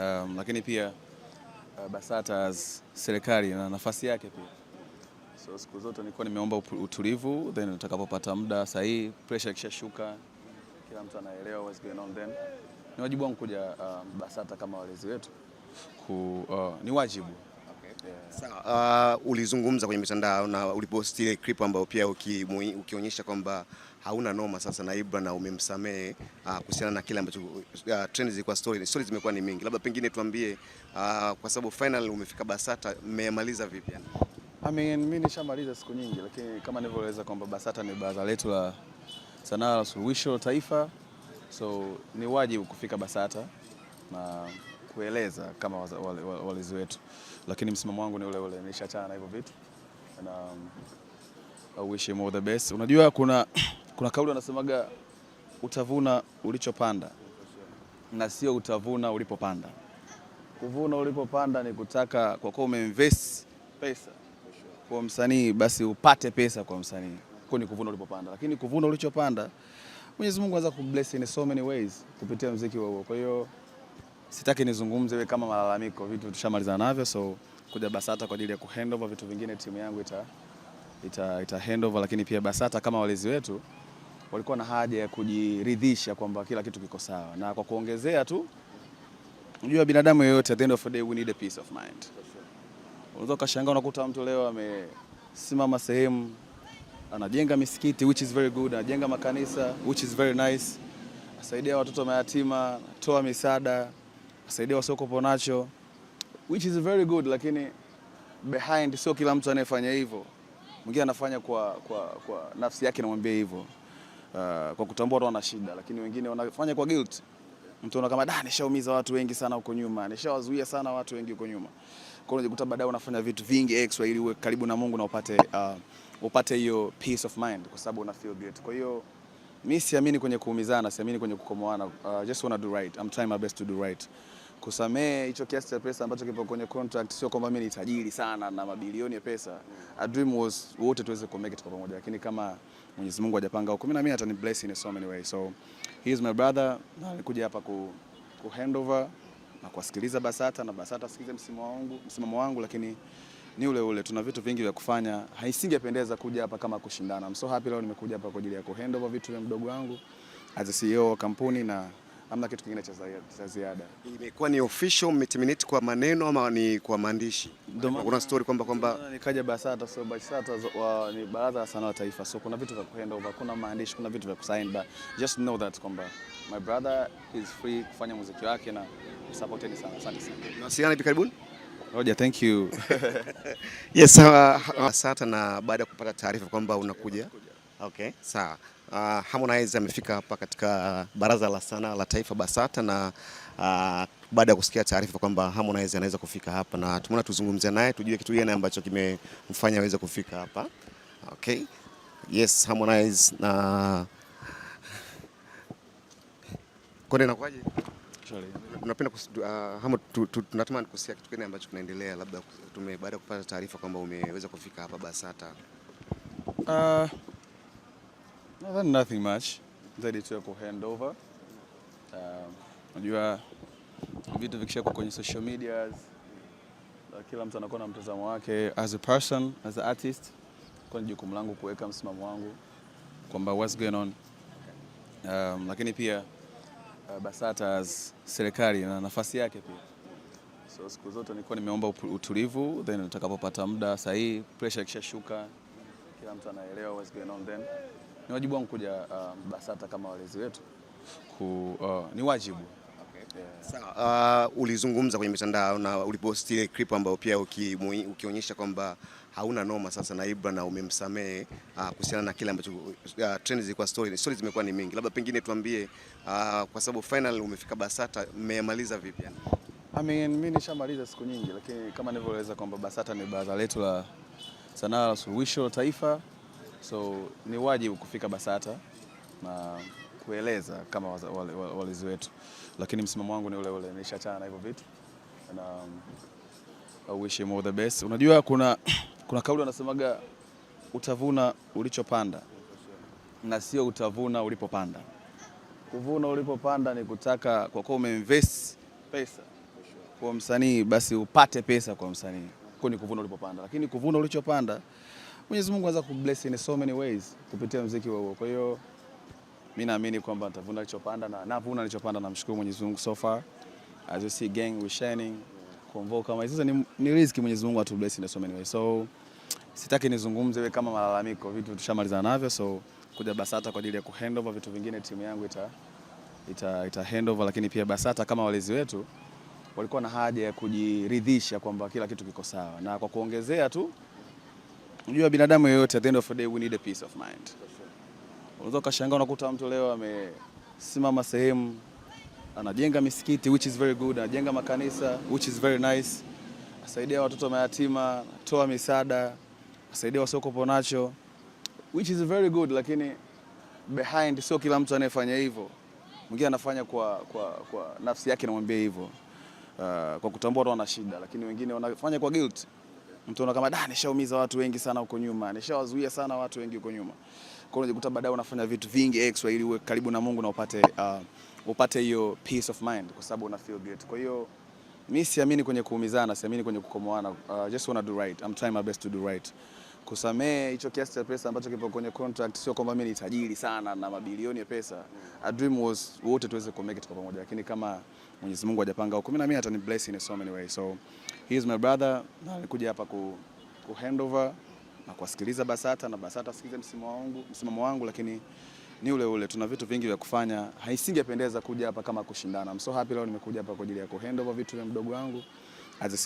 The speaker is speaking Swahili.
um, lakini pia uh, BASATA serikali na nafasi yake pia. So siku zote nilikuwa nimeomba utulivu, then utakapopata muda sahihi, pressure ikishashuka, kila mtu anaelewa what's going on, then ni wajibu wangu kuja um, BASATA kama walezi wetu ku, uh, ni wajibu Sawa, yeah. Uh, ulizungumza kwenye mitandao na uliposti ile clip ambayo pia ukionyesha kwamba hauna noma sasa na Ibra na umemsamehe ah, kuhusiana na kile ambacho ah, trend zilikuwa, story story zimekuwa ni mingi, labda pengine tuambie, ah, kwa sababu final umefika Basata, mmemaliza vipi yani? I mean, mimi nishamaliza siku nyingi, lakini kama nilivyoeleza kwamba Basata ni baraza letu la sanaa la suluhisho la taifa, so ni wajibu kufika Basata na kueleza kama walizi wale, wale wetu, lakini msimamo wangu ni ule ule, nishaachana na hivyo vitu na um, I wish him all the best. Unajua kuna kuna kauli wanasemaga utavuna ulichopanda na sio utavuna ulipopanda. Kuvuna ulipopanda ni kutaka, kwa kuwa umeinvest pesa kwa msanii, basi upate pesa kwa msanii. Kwa ni kuvuna ulipopanda, lakini kuvuna ulichopanda Mwenyezi Mungu anaweza kubless in so many ways kupitia muziki wao. Kwa hiyo sitaki nizungumze we kama malalamiko, vitu tushamaliza navyo, so kuja BASATA kwa ajili ya kuhandover vitu vingine, timu yangu ita, ita, ita handover, lakini pia BASATA kama walezi wetu walikuwa na haja ya kujiridhisha kwamba kila kitu kiko sawa, na kwa kuongezea tu, unajua binadamu yeyote, at the end of the day we need a peace of mind. Unaweza ukashangaa unakuta mtu leo amesimama sehemu anajenga misikiti which is very good, anajenga makanisa which is very nice, asaidia watoto mayatima, toa misaada, asaidia wasiokopo nacho which is very good, lakini behind, sio kila mtu anayefanya hivyo. Mwingine anafanya kwa, kwa, kwa nafsi yake, namwambia hivyo uh, kwa kutambua watu wana shida, lakini wengine wanafanya kwa guilt. Mtu anaona kama da, nishaumiza watu wengi sana huko nyuma, nishawazuia sana watu wengi huko nyuma. Kwa hiyo unajikuta baadaye unafanya vitu vingi extra ili uwe karibu na Mungu na upate uh, upate hiyo peace of mind, kwa sababu una feel guilt. Kwa hiyo mimi siamini kwenye kuumizana, siamini kwenye kukomoana. Uh, just wanna do right. I'm trying my best to do right kusamehe hicho kiasi cha pesa ambacho kipo kwenye contract. Sio kwamba mimi ni tajiri sana na mabilioni ya pesa A dream was wote tuweze ku make it kwa pamoja, lakini kama Mwenyezi Mungu hajapanga huko, mimi na mimi atani bless in so many ways, so he is my brother na nikuja hapa ku, ku handover na kuwasikiliza BASATA na BASATA asikilize msimamo wangu, msimamo wangu lakini ni ule ule, tuna vitu vingi vya kufanya. Haisingependeza kuja hapa kama kushindana. I'm so happy leo nimekuja hapa kwa ajili ya ku kuhandover vitu vya mdogo wangu as a CEO wa kampuni na Hamna kitu kingine cha ziada. Imekuwa ni official mmeterminate kwa maneno ama ni kwa maandishi? Kuna story kwamba kwamba nikaja BASATA, so BASATA wa, ni baraza la sanaa la taifa, so kuna vitu vya kuhand over, kuna maandishi, kuna vitu vya kusign, but just know that kwamba my brother is free kufanya muziki wake na supporteni sana. Asante sana. Tunawasiliana hivi karibuni. Roger, thank you. Yes, sawa. Uh, BASATA na baada ya kupata taarifa kwamba unakuja. Okay, sawa. Uh, Harmonize amefika hapa katika Baraza la Sanaa la Taifa BASATA na uh, baada ya kusikia taarifa kwamba Harmonize anaweza kufika hapa na tumeona tuzungumzie naye tujue kitu gani ambacho kimemfanya aweze kufika hapa. Okay. Yes, Harmonize na Konde nakwaje? Tunapenda ah, tunatamani kusikia kitu gani ambacho kinaendelea labda tume baada ya kupata taarifa kwamba umeweza kufika hapa BASATA. Uh, Nadhani nothing much zaidi tu ya ku hand over. Um, unajua um, vitu kwa kwenye social media uh, kila mtu anakuwa na mtazamo wake as a person, as an artist. Kwa jukumu langu kuweka msimamo wangu kwamba what's going on. Um, lakini pia uh, Basata as serikali na nafasi yake pia. So siku zote nilikuwa nimeomba utulivu, then nitakapopata muda sahihi, pressure ikishashuka, kila mtu anaelewa what's going on then ni wajibu wangu kuja uh, BASATA kama walezi wetu ku, uh, ni wajibu okay. yeah. Sawa. Uh, ulizungumza kwenye mitandao na uliposti ile clip ambayo pia ukionyesha kwamba hauna noma sasa na Ibra na umemsamehe uh, kuhusiana na kile ambacho uh, trend zilikuwa story story zimekuwa ni mingi, labda pengine tuambie uh, kwa sababu final umefika BASATA mmemaliza vipi I mean, mimi nishamaliza siku nyingi, lakini kama nilivyoeleza kwamba BASATA ni baraza letu la sanaa la suluhisho la taifa So ni wajibu kufika BASATA na kueleza kama walezi wetu, lakini msimamo wangu ni ule ule, nilishachana na hivyo vitu na um, I wish him all the best. Unajua kuna, kuna kauli wanasemaga utavuna ulichopanda na sio utavuna ulipopanda. Kuvuna ulipopanda ni kutaka kwa kuwa umeinvest pesa kwa msanii, basi upate pesa kwa msanii, kwa ni kuvuna ulipopanda, lakini kuvuna ulichopanda Mwenyezi Mungu anaweza kubless in so many ways kupitia muziki wa huo. Kwa hiyo mimi naamini kwamba nitavuna nilichopanda na navuna nilichopanda, namshukuru Mwenyezi Mungu so far. As you see gang we shining. Convoke kama hizo ni, ni riziki Mwenyezi Mungu atubless in so many ways. So sitaki nizungumze wewe kama malalamiko, vitu tushamaliza navyo, so kuja Basata kwa ajili ya kuhandover vitu vingine, timu yangu ita ita, ita handover, lakini pia Basata kama walezi wetu walikuwa na haja ya kujiridhisha kwamba kila kitu kiko sawa, na kwa kuongezea tu Unajua binadamu yeyote at the end of the day we need a peace of mind. Unaweza ukashangaa unakuta mtu leo amesimama sehemu anajenga misikiti which is very good, anajenga makanisa which is very nice, asaidia watoto mayatima, toa misaada, asaidia wasiokopo nacho which is very good, lakini behind sio kila mtu anayefanya hivyo. Mwingine anafanya kwa, kwa, kwa nafsi yake, namwambia hivyo uh, kwa kutambua watu wana shida, lakini wengine wanafanya kwa guilt mtaona kama da, nishaumiza watu wengi sana huko nyuma, nishawazuia sana watu wengi huko nyuma. Kwa hiyo unajikuta baadaye unafanya vitu vingi extra ili uwe karibu na Mungu na upate uh, upate hiyo peace of mind kwa sababu una feel great. Kwa hiyo mimi siamini kwenye kuumizana, siamini kwenye kukomoana. Uh, just wanna do right. I'm trying my best to do right kusamehe hicho kiasi cha pesa ambacho kipo kwenye contract. Sio kwamba mimi ni tajiri sana na mabilioni ya pesa. A dream was wote tuweze ku make it kwa pamoja, lakini kama Mwenyezi Mungu hajapanga huko, mimi na mimi atani bless in so many ways. So he is my brother, na nilikuja hapa ku, ku handover na kuwasikiliza BASATA na BASATA sikiliza msimamo wangu, msimamo wangu, lakini ni ule ule, tuna vitu vingi vya kufanya. Haisingependeza kuja hapa kama kushindana. I'm so happy leo nimekuja hapa kwa ajili ya ku handover vitu vya mdogo wangu as a